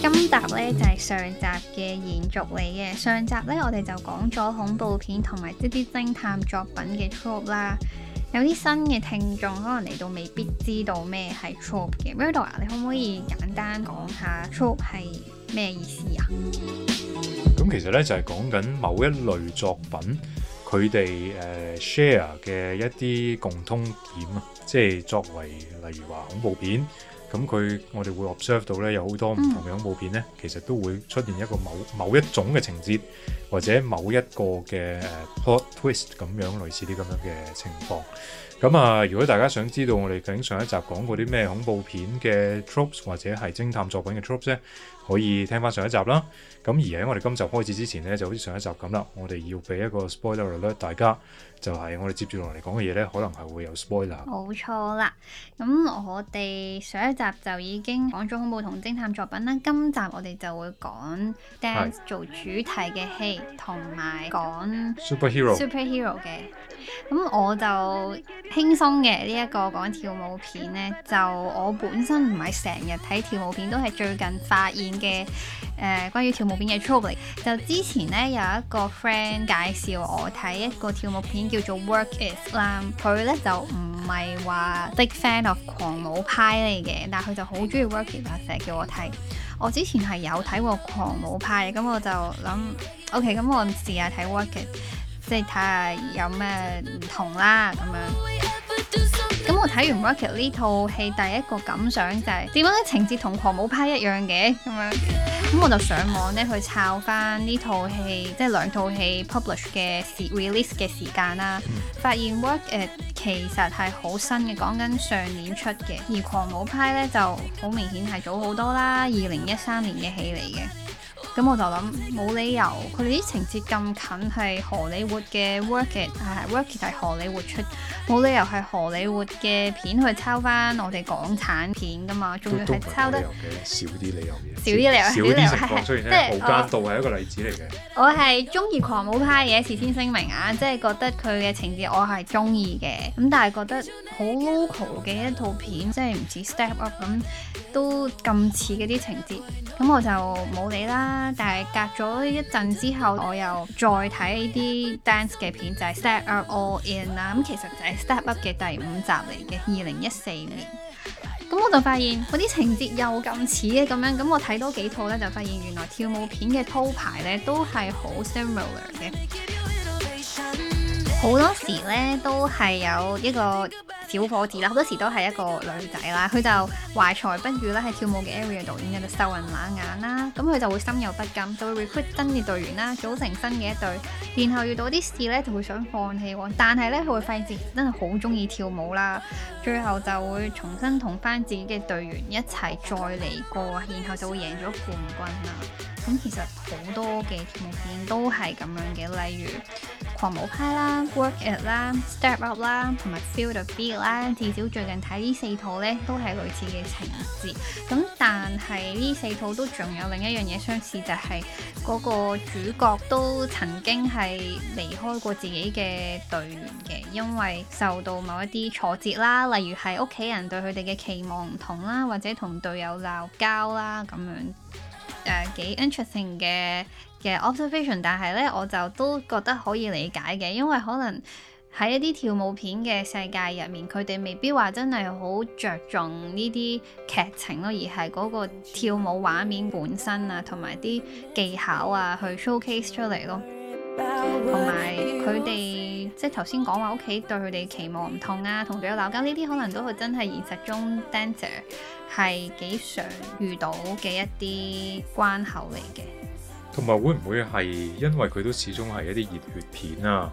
今集咧就係、是、上集嘅延續嚟嘅，上集咧我哋就講咗恐怖片同埋一啲偵探作品嘅 trope 啦，有啲新嘅聽眾可能嚟到未必知道咩係 trope 嘅。 Murdock，你可唔可以簡單講下 trope 係咩意思啊？咁其實咧就係、是、講緊某一類作品，佢哋誒 share 嘅一啲共通點啊，即係作為例如話恐怖片。咁佢我哋會 observe 到咧，有好多唔同樣部片咧，其實都會出現一個某某一種嘅情節，或者某一個嘅誒 plot twist 咁樣，類似啲咁樣嘅情況。咁啊，如果大家想知道我哋究竟上一集講過啲咩恐怖片嘅 tropes 或者係偵探作品嘅 tropes 咧，可以聽翻上一集啦。咁而喺我哋今集開始之前咧，就好似上一集咁啦，我哋要俾一個 spoiler alert 咧，大家就係我哋接住落嚟講嘅嘢咧，可能係會有 spoiler。冇錯啦。咁我哋上一集就已經講咗恐怖同偵探作品啦。今集我哋就會講 dance 做主題嘅戲，同埋講 superhero，superhero 嘅。咁、嗯、我就輕鬆嘅呢一個講跳舞片呢，就我本身唔係成日睇跳舞片，都係最近發現嘅誒、呃、關於跳舞片嘅 trope 嚟。就之前呢，有一個 friend 介紹我睇一個跳舞片叫做 Work It 啦、嗯，佢呢就唔係話 big fan of 狂舞派嚟嘅，但係佢就好中意 Work It，佢成日叫我睇。我之前係有睇過狂舞派，咁我就諗，OK，咁我試下睇 Work It。即係睇下有咩唔同啦咁樣。咁 我睇完《Work》呢套戲，第一個感想就係點解情節同《狂舞派》一樣嘅？咁樣咁 我就上網咧去抄返呢套戲，即係兩套戲 publish 嘅 release 嘅時間啦。 發現《Work》誒其實係好新嘅，講緊上年出嘅，而《狂舞派》呢，就好明顯係早好多啦，二零一三年嘅戲嚟嘅。咁我就諗冇理由，佢哋啲情節咁近。係荷里活嘅 Work It，Work It 係 it 荷里活出，冇理由係荷里活嘅片去抄翻我哋港產片噶嘛，仲要係抄得少啲理由嘅，少啲理由，少理由少，少啲情況，所以咧無間道係一個例子嚟嘅。我係中意狂舞派嘢，事先聲明啊，即係覺得佢嘅情節我係中意嘅，咁但係覺得好 local 嘅一套片，嗯、即係唔似 Step Up 咁都咁似嗰啲情節，咁我就冇理啦。但係隔咗一陣之後，我又再睇呢啲 dance 嘅片，就係、是、Step Up All In 啦。咁其實就係 Step Up 嘅第五集嚟嘅，二零一四年。咁我就發現嗰啲情節又咁似嘅咁樣。咁我睇多幾套咧，就發現原來跳舞片嘅鋪排咧都係好 similar 嘅，好 多時咧都係有一個。小伙子啦，好多時都係一個女仔啦，佢就懷才不遇啦。喺跳舞嘅 area 度，然之後就受人冷眼啦，咁佢就會心有不甘，就會 recruit 新嘅隊員啦，組成新嘅一隊，然後遇到啲事呢，就會想放棄，但係呢，佢會發現自己真係好中意跳舞啦，最後就會重新同翻自己嘅隊員一齊再嚟過，然後就會贏咗冠軍啦。咁其實好多嘅跳舞片都係咁樣嘅，例如，狂舞派啦，work it 啦，step up 啦，同埋 feel the beat 啦。至少最近睇呢四套咧，都係類似嘅情節。咁但係呢四套都仲有另一樣嘢相似，就係嗰個主角都曾經係離開過自己嘅隊員嘅，因為受到某一啲挫折啦，例如係屋企人對佢哋嘅期望唔同啦，或者同隊友鬧交啦咁樣。誒幾 interesting 嘅嘅 observation，但係咧，我就都覺得可以理解嘅，因為可能喺一啲跳舞片嘅世界入面，佢哋未必話真係好着重呢啲劇情咯，而係嗰個跳舞畫面本身啊，同埋啲技巧啊，去 showcase 出嚟咯。同埋佢哋即係頭先講話屋企對佢哋期望唔同啊，同佢哋鬧交呢啲，可能都係真係現實中 dancer 係幾常遇到嘅一啲關口嚟嘅。同埋會唔會係因為佢都始終係一啲熱血片啊？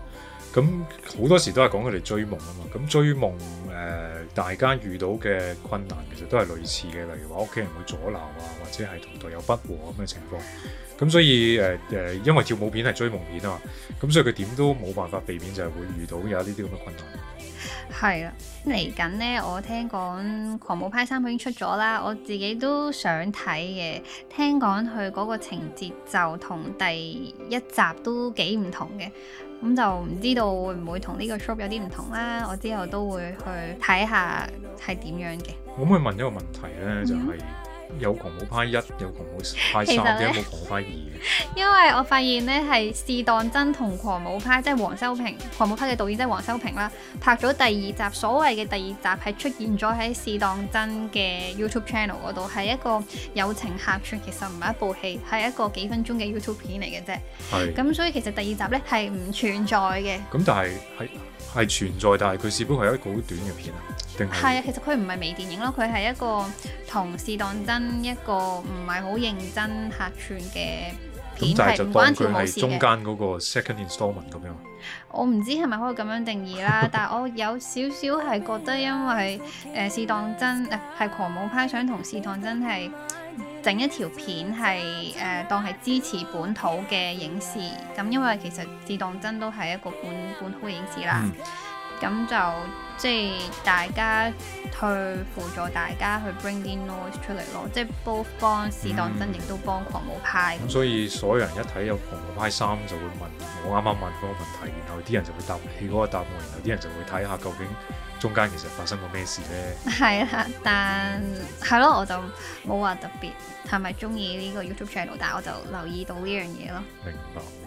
咁好多時都係講佢哋追夢啊嘛，咁追夢誒、呃，大家遇到嘅困難其實都係類似嘅，例如話屋企人會阻撓啊，或者係同隊友不和咁嘅情況。咁所以誒誒、呃呃，因為跳舞片係追夢片啊嘛，咁所以佢點都冇辦法避免就係會遇到有呢啲咁嘅困難。係啊，嚟緊呢，我聽講《狂舞派三》已經出咗啦，我自己都想睇嘅。聽講佢嗰個情節就同第一集都幾唔同嘅。咁就唔知道會唔會同呢個 shop 有啲唔同啦，我之後都會去睇下係點樣嘅。可唔可以問一個問題呢？ 就係、是。有狂舞派一，有狂舞派三，有冇狂舞派二？因為我發現咧，係《是當真》同《狂舞派》，即係黃修平，狂舞派嘅導演即係黃修平啦，拍咗第二集。所謂嘅第二集，係出現咗喺《是當真》嘅 YouTube channel 嗰度，係一個友情客串，其實唔係一部戲，係一個幾分鐘嘅 YouTube 片嚟嘅啫。係。咁所以其實第二集咧係唔存在嘅。咁但係係係存在，但係佢似乎係一個好短嘅片啊。係啊，其實佢唔係微電影咯，佢係一個《試當真》一個唔係好認真客串嘅片，係唔、嗯、關跳舞事嘅。中間嗰個 second instalment 咁樣。我唔知係咪可以咁樣定義啦， 但我有少少係覺得，因為誒《試、呃、當真》誒、呃、係狂舞派想《試當真》係整一條片，係、呃、誒當係支持本土嘅影視咁，因為其實《試當真》都係一個本本土影視啦。嗯。咁就即係大家去輔助大家去 bring 啲 noise 出嚟咯，即係幫方事當真亦都幫狂舞派。咁、嗯、所以所有人一睇有狂舞派衫就會問我啱啱問咗個問題，然後啲人就會答你嗰個答案，然後啲人就會睇下究竟中間其實發生過咩事咧。係啦，但係咯，我就冇話特別係咪中意呢個 YouTube channel，但係我就留意到呢樣嘢咯。明白。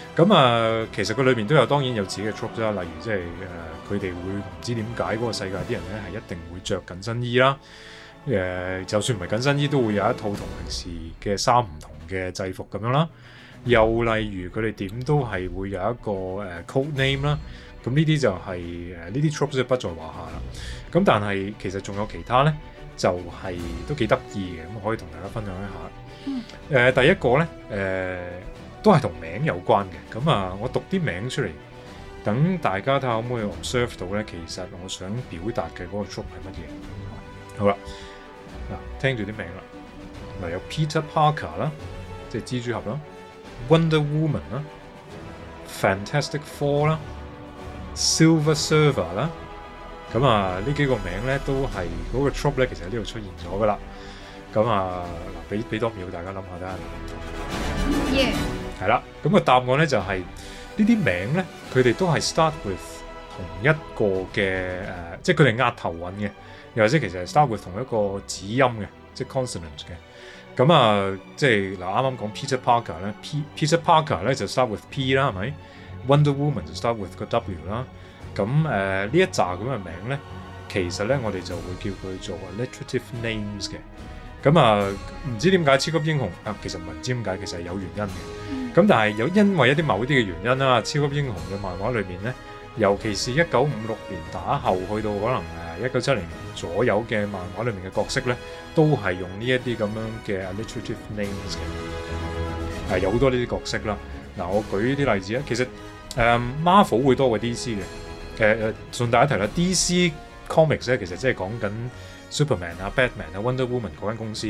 咁啊，其實佢裏面都有，當然有自己嘅 trope 啦。例如即係誒，佢哋會唔知點解嗰個世界啲人咧係一定會著緊身衣啦。誒，就算唔係緊身衣，都會有一套同平時嘅衫唔同嘅制服咁樣啦。又例如佢哋點都係會有一個誒 code name 啦。咁呢啲就係誒呢啲 trope 不在話下啦。咁但係其實仲有其他咧，就係都幾得意嘅。咁可以同大家分享一下。誒，第一個咧，誒。都係同名有關嘅。咁啊，我讀啲名出嚟，等大家睇下可唔可以 observe 到咧。其實我想表達嘅嗰個 trope 係乜嘢？好啦，嗱，聽住啲名啦，嗱，有 Peter Parker 啦，即係蜘蛛俠啦，Wonder Woman 啦，Fantastic Four 啦，Silver Surfer 啦。咁啊，呢幾個名咧都係嗰個 trope 咧，其實喺呢度出現咗噶啦。咁啊，嗱，俾俾多秒大家諗下啦。看看 yeah. 係啦，咁、那個答案咧就係、是、呢啲名咧，佢哋都係 start with 同一個嘅誒、呃，即係佢哋押頭韻嘅，又或者其實係 start with 同一個子音嘅，即係 consonant 嘅。咁、嗯、啊，即係嗱啱啱講 Peter Parker 咧，P Peter Parker 咧就 start with P 啦，係咪？Wonder Woman 就 start with 個 W 啦。咁、嗯、誒、呃、呢一紮咁嘅名咧，其實咧我哋就會叫佢做 alliterative names 嘅。咁、嗯、啊，唔知點解超級英雄啊，其實唔係，唔知點解，其實係有原因嘅。咁但係有因為一啲某啲嘅原因啦，超級英雄嘅漫畫裏面咧，尤其是一九五六年打後去到可能誒一九七零年，左右嘅漫畫裏面嘅角色咧，都係用呢一啲咁樣嘅 alliterative names 嘅，誒、啊、有好多呢啲角色啦。嗱、啊，我舉啲例子咧，其實誒、呃、Marvel 會多過 DC 嘅，誒、呃、誒順帶一提啦，DC Comics 咧其實即係講緊 Superman 啊、Batman 啊、Wonder Woman 嗰間公司。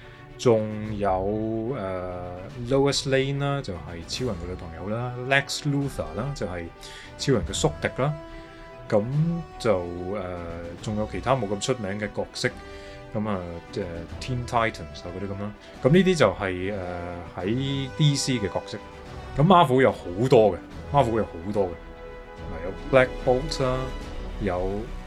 仲有誒、uh, Lois Lane 啦，就係超人嘅女朋友啦；Lex Luthor 啦，就係超人嘅宿敵啦。咁就誒仲、uh, 有其他冇咁出名嘅角色，咁啊即係 Teen Titans 啊嗰啲咁啦。咁呢啲就係誒喺 DC 嘅角色。咁 Mar Marvel 有好多嘅，Marvel 有好多嘅，係有 Black Bolt 啦，有。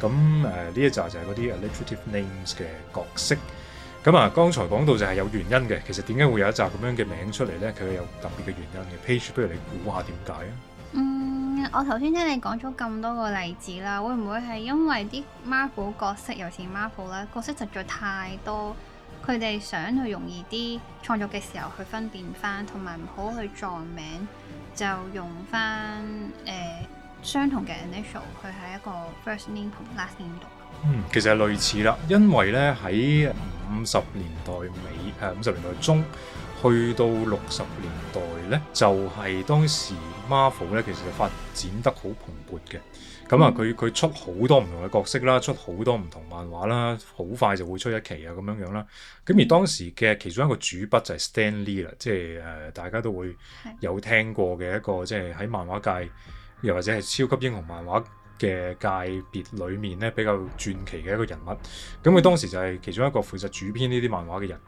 咁誒呢一紮就係嗰啲 alliterative names 嘅角色。咁啊，剛才講到就係有原因嘅。其實點解會有一紮咁樣嘅名出嚟咧？佢有特別嘅原因嘅。Page，不如你估下點解啊？嗯，我頭先聽你講咗咁多個例子啦，會唔會係因為啲 Marvel 角色，尤其是 Marvel 啦，角色實在太多，佢哋想去容易啲創作嘅時候去分辨翻，同埋唔好去撞名，就用翻誒，呃相同嘅 initial，佢係一個 first name 同 last name 度。嗯，其實係類似啦，因為咧喺五十年代尾，誒五十年代中，去到六十年代咧，就係、是、當時 Marvel 咧，其實發展得好蓬勃嘅。咁啊，佢佢出好多唔同嘅角色啦，出好多唔同漫畫啦，好快就會出一期啊咁樣樣、啊、啦。咁而當時嘅其中一個主筆就係 Stan Lee 啦，即係誒大家都會有聽過嘅一個，的即係喺漫畫界。又或者係超級英雄漫畫嘅界別裏面咧，比較傳奇嘅一個人物。咁佢當時就係其中一個負責主編呢啲漫畫嘅人。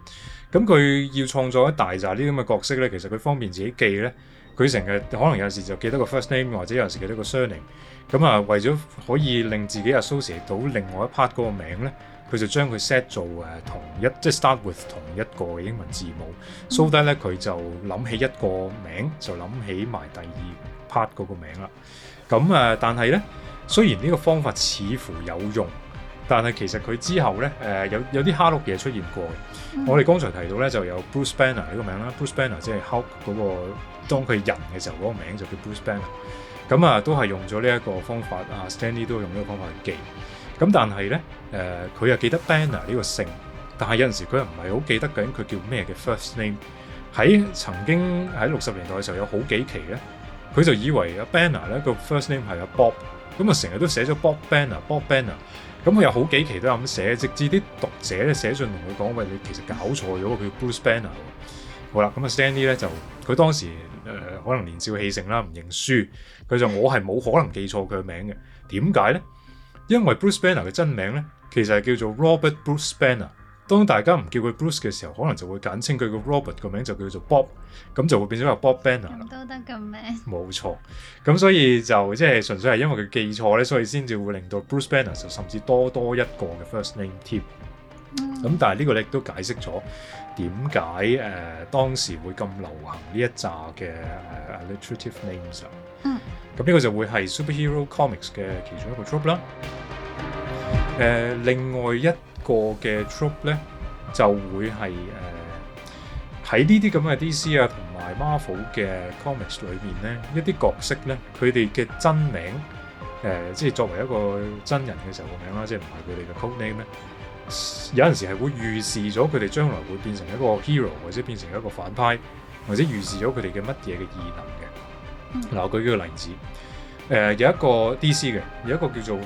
咁佢要創作一大扎呢啲咁嘅角色咧，其實佢方便自己記咧。佢成日可能有時就記得個 first name，或者有時記得個 surname。咁啊，為咗可以令自己 associate 到另外一 part 嗰個名咧，佢就將佢 set 做誒同一，即係 start with 同一個英文字母。所以佢咧，佢就諗起一個名，就諗起埋第二。part 嗰個名啦，咁、嗯、誒，但係咧，雖然呢個方法似乎有用，但係其實佢之後咧誒、呃、有有啲蝦碌嘢出現過嘅。Mm hmm. 我哋剛才提到咧，就有 Bruce Banner 呢個名啦，Bruce Banner 即係 Hulk 嗰、那個當佢人嘅時候嗰個名就叫 Bruce Banner。咁、嗯、啊，都係用咗呢一個方法啊，Stanley 都係用呢個方法去記。咁、嗯、但係咧誒，佢、呃、又記得 Banner 呢個姓，但係有陣時佢又唔係好記得究竟佢叫咩嘅 first name。喺曾經喺六十年代嘅時候，有好幾期嘅。佢就以為阿 Banner 咧個 first name 係阿 Bob，咁啊成日都寫咗 Bob Banner，Bob Banner，咁佢有好幾期都有咁寫，直至啲讀者咧寫信同佢講：喂，你其實搞錯咗喎，佢叫 Bruce Banner。好啦，咁啊 Stanley 咧就佢當時誒、呃、可能年少氣盛啦，唔認輸，佢就我係冇可能記錯佢嘅名嘅，點解咧？因為 Bruce Banner 嘅真名咧其實係叫做 Robert Bruce Banner。當大家唔叫佢 Bruce 嘅時候，可能就會簡稱佢個 Robert 個名就叫做 Bob，咁就會變咗個 Bob Banner。都得咁咩？冇錯，咁所以就即係純粹係因為佢記錯咧，所以先至會令到 Bruce Banner 就甚至多多一個嘅 first name t 添。咁、嗯、但係呢個亦都解釋咗點解誒當時會咁流行呢一紮嘅呃、alliterative names。嗯。咁呢個就會係 Superhero Comics 嘅其中一個 trope 啦。誒、呃，另外一個嘅 trope 咧，就會係誒喺呢啲咁嘅 DC 啊同埋 Marvel 嘅 comics 裏面咧，一啲角色咧，佢哋嘅真名誒、呃、即係作為一個真人嘅時候個名啦，即係唔係佢哋嘅 code name 咧？有陣時係會預示咗佢哋將來會變成一個 hero 或者變成一個反派，或者預示咗佢哋嘅乜嘢嘅異能嘅。嗱、嗯，我舉幾個例子。誒、呃、有一個 DC 嘅有一個叫做誒、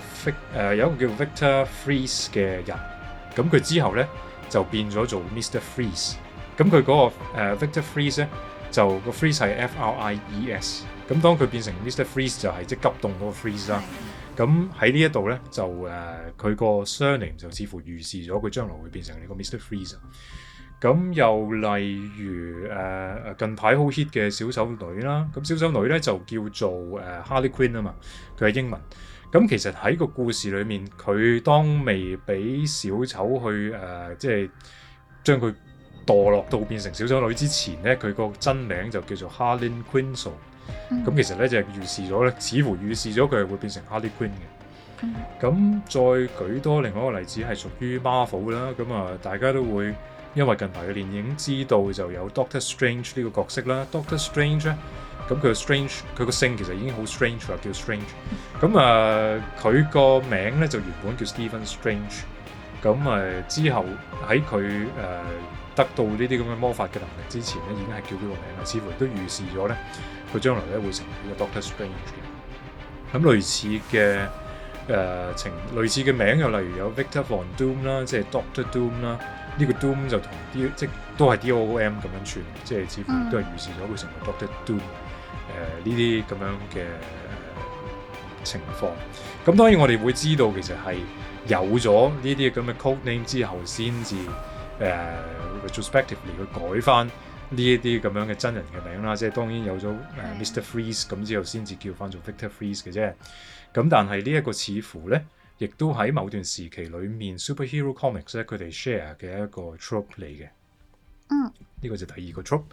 呃、有一個叫 Victor Freeze 嘅人。咁佢之後咧就變咗做 Mr.Freeze。咁佢嗰個誒 Victor Freeze 咧就個 Freeze 係 F R I E S。咁當佢變成 Mr.Freeze 就係即急凍嗰個 Freeze 啦。咁喺呢一度咧就誒佢個 surname 就似乎預示咗佢將來會變成你個 Mr.Freeze。咁又例如誒近排好 hit 嘅小丑女啦，咁小丑女咧就叫做誒 Harley Quinn 啊嘛，佢係英文。咁其實喺個故事裏面，佢當未俾小丑去誒、呃，即係將佢墮落到變成小丑女之前咧，佢個真名就叫做 Harleen Quinzel、嗯。咁其實咧就預、係、預示咗咧，似乎預示咗佢係會變成 Harley Quinn 嘅。咁、嗯、再舉多另外一個例子係屬於 Marvel 啦。咁啊，大家都會因為近排嘅電影知道就有 Doctor Strange 呢個角色啦，Doctor Strange 咧。咁佢個 strange，佢個姓其實已經好 strange 啦，叫 strange。咁啊，佢、呃、個名咧就原本叫 Stephen Strange。咁、呃、啊，之後喺佢誒得到呢啲咁嘅魔法嘅能力之前咧，已經係叫佢個名啦，似乎都預示咗咧，佢將來咧會成為 Doctor Strange 嘅。咁類似嘅誒情，類似嘅名又例如有 Victor Von Doom 啦 Do，即係 Doctor Doom 啦。呢個 Doom 就同 D，即都係 D O O M 咁樣串，即係似乎都係預示咗會成為 Doctor Doom。誒呢啲咁樣嘅、呃、情況，咁當然我哋會知道其實係有咗呢啲咁嘅 code name 之後，先、呃、至誒 retrospectively 去改翻呢一啲咁樣嘅真人嘅名啦。即、就、係、是、當然有咗誒、呃、Mr Freeze 咁之後，先至叫翻做 Victor Freeze 嘅啫。咁但係呢一個似乎咧，亦都喺某段時期裏面，Superhero Comics 咧佢哋 share 嘅一個 trope 嚟嘅。嗯，呢個就第二個 trope。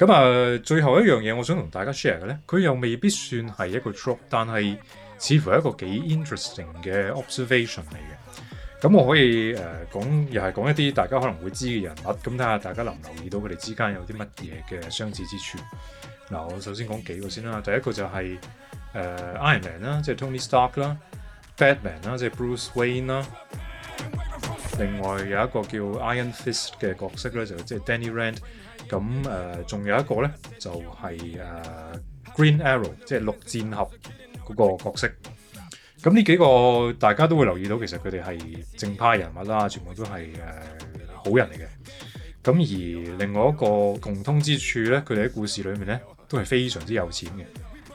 咁啊，最後一樣嘢我想同大家 share 嘅咧，佢又未必算係一個 drop，但係似乎係一個幾 interesting 嘅 observation 嚟嘅。咁我可以誒、呃、講，又係講一啲大家可能會知嘅人物，咁睇下大家能唔留意到佢哋之間有啲乜嘢嘅相似之處。嗱，我首先講幾個先啦、啊，第一個就係、是、誒、呃、Iron Man 啦、啊，即、就、係、是、Tony Stark 啦、啊、Batman 啦、啊，即、就、係、是、Bruce Wayne 啦、啊。另外有一個叫 Iron Fist 嘅角色咧，就即、是、係 Danny Rand。咁誒，仲、呃、有一個咧，就係、是、誒、呃、Green Arrow，即係綠箭俠嗰個角色。咁呢幾個大家都會留意到，其實佢哋係正派人物啦，全部都係誒、呃、好人嚟嘅。咁而另外一個共通之處咧，佢哋喺故事裏面咧都係非常之有錢嘅，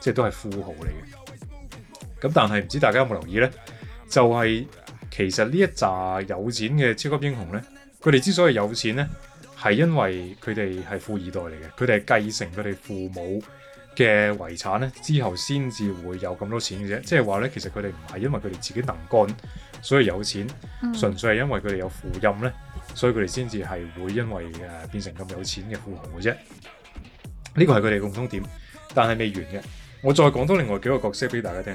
即、就、係、是、都係富豪嚟嘅。咁但係唔知大家有冇留意咧，就係、是。其實呢一紮有錢嘅超級英雄呢，佢哋之所以有錢呢，係因為佢哋係富二代嚟嘅，佢哋係繼承佢哋父母嘅遺產呢，之後先至會有咁多錢嘅啫。即係話呢，其實佢哋唔係因為佢哋自己能幹，所以有錢，純、嗯、粹係因為佢哋有父蔭呢。所以佢哋先至係會因為誒變成咁有錢嘅富豪嘅啫。呢個係佢哋嘅共通點，但係未完嘅，我再講多另外幾個角色俾大家聽。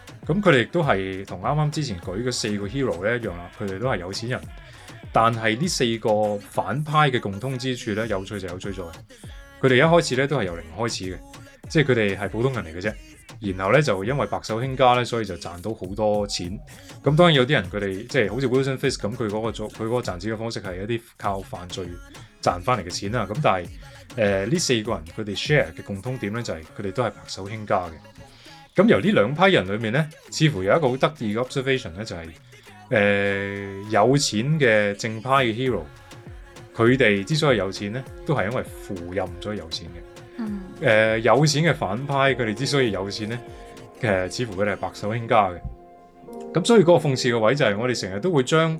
咁佢哋亦都係同啱啱之前舉嘅四個 hero 咧一樣啦，佢哋都係有錢人，但係呢四個反派嘅共通之處咧，有趣就有趣在，佢哋一開始咧都係由零開始嘅，即係佢哋係普通人嚟嘅啫。然後咧就因為白手興家咧，所以就賺到好多錢。咁當然有啲人佢哋即係好似 Wilson Fisk 咁、嗰個，佢嗰個做佢嗰個賺錢嘅方式係一啲靠犯罪賺翻嚟嘅錢啦。咁但係誒呢四個人佢哋 share 嘅共通點咧就係佢哋都係白手興家嘅。咁由兩呢兩批人裏面咧，似乎有一個好得意嘅 observation 咧、就係，就係誒有錢嘅正派嘅 hero，佢哋之所，所以有錢咧，都係因為父蔭咗有錢嘅。誒有錢嘅反派佢哋之所以有錢咧，誒其實似乎佢哋係白手興家嘅。咁所以個諷刺嘅位就係我哋成日都會將。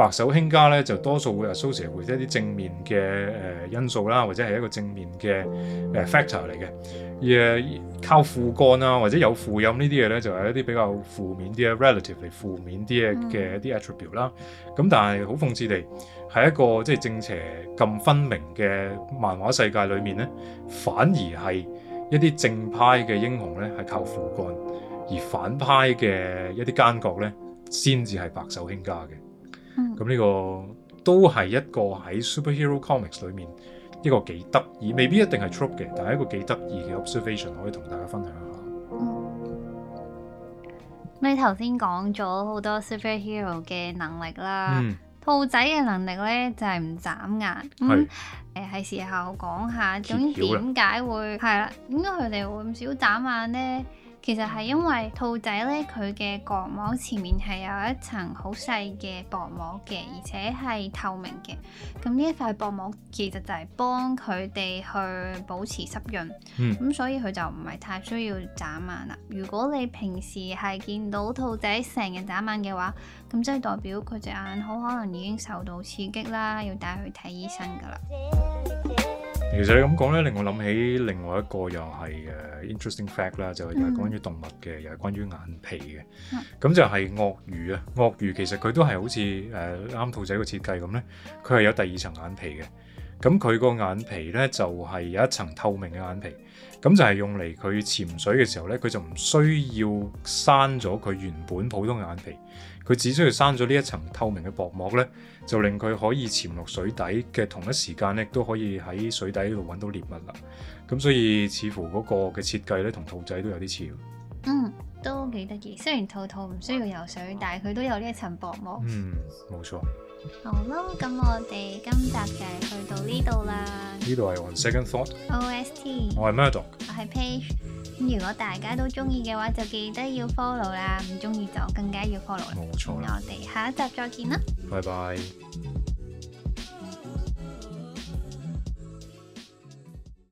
白手興家咧，就多數會係 associate with 一啲正面嘅誒因素啦，或者係一個正面嘅誒 factor 嚟嘅。而、呃、靠父幹啦，或者有父蔭呢啲嘢咧，就係、是、一啲比較負面啲嘅 relatively 負面啲嘅一啲 attribute 啦。咁但係好諷刺地，喺一個即係、就是、正邪咁分明嘅漫畫世界裏面咧，反而係一啲正派嘅英雄咧係靠父幹；而反派嘅一啲奸角咧先至係白手興家嘅。咁呢、嗯、個都係一個喺 Superhero Comics 裏面一個幾得意，未必一定係 trope 嘅，但係一個幾得意嘅 observation 可以同大家分享下。你頭先講咗好多 superhero 嘅能力啦，嗯、兔仔嘅能力咧就係、是、唔眨眼。咁誒係時候講下，究竟點解會係啦？點解佢哋會咁少眨眼咧？其實係因為兔仔咧，佢嘅角膜前面係有一層好細嘅薄膜嘅，而且係透明嘅。咁呢一塊薄膜其實就係幫佢哋去保持濕潤。咁、嗯、所以佢就唔係太需要眨眼喇。如果你平時係見到兔仔成日眨眼嘅話，咁即係代表佢隻眼好可能已經受到刺激啦，要帶去睇醫生㗎啦。其實你咁講咧，令我諗起另外一個又係誒、uh, interesting fact 啦，就係關於動物嘅，嗯、又係關於眼皮嘅。咁、嗯、就係鱷魚啊！鱷魚其實佢都係好似誒啱兔仔個設計咁咧，佢係有第二層眼皮嘅。咁佢個眼皮咧就係、係、有一層透明嘅眼皮。咁就係用嚟佢潛水嘅時候咧，佢就唔需要刪咗佢原本普通嘅眼皮，佢只需要刪咗呢一層透明嘅薄膜咧，就令佢可以潛落水底嘅同一時間咧，都可以喺水底度搵到獵物啦。咁所以似乎嗰個嘅設計咧，同兔仔都有啲似。嗯，都幾得意。雖然兔兔唔需要游水，但係佢都有呢一層薄膜。嗯，冇錯。好啦，咁我哋今集就係去到呢度啦。呢度係 On Second Thought。OST。我係 Murdock。我係 Page。如果大家都中意嘅話，就記得要 follow 啦。唔中意就更加要 follow 啦。冇錯啦。我哋下一集再見啦。拜拜。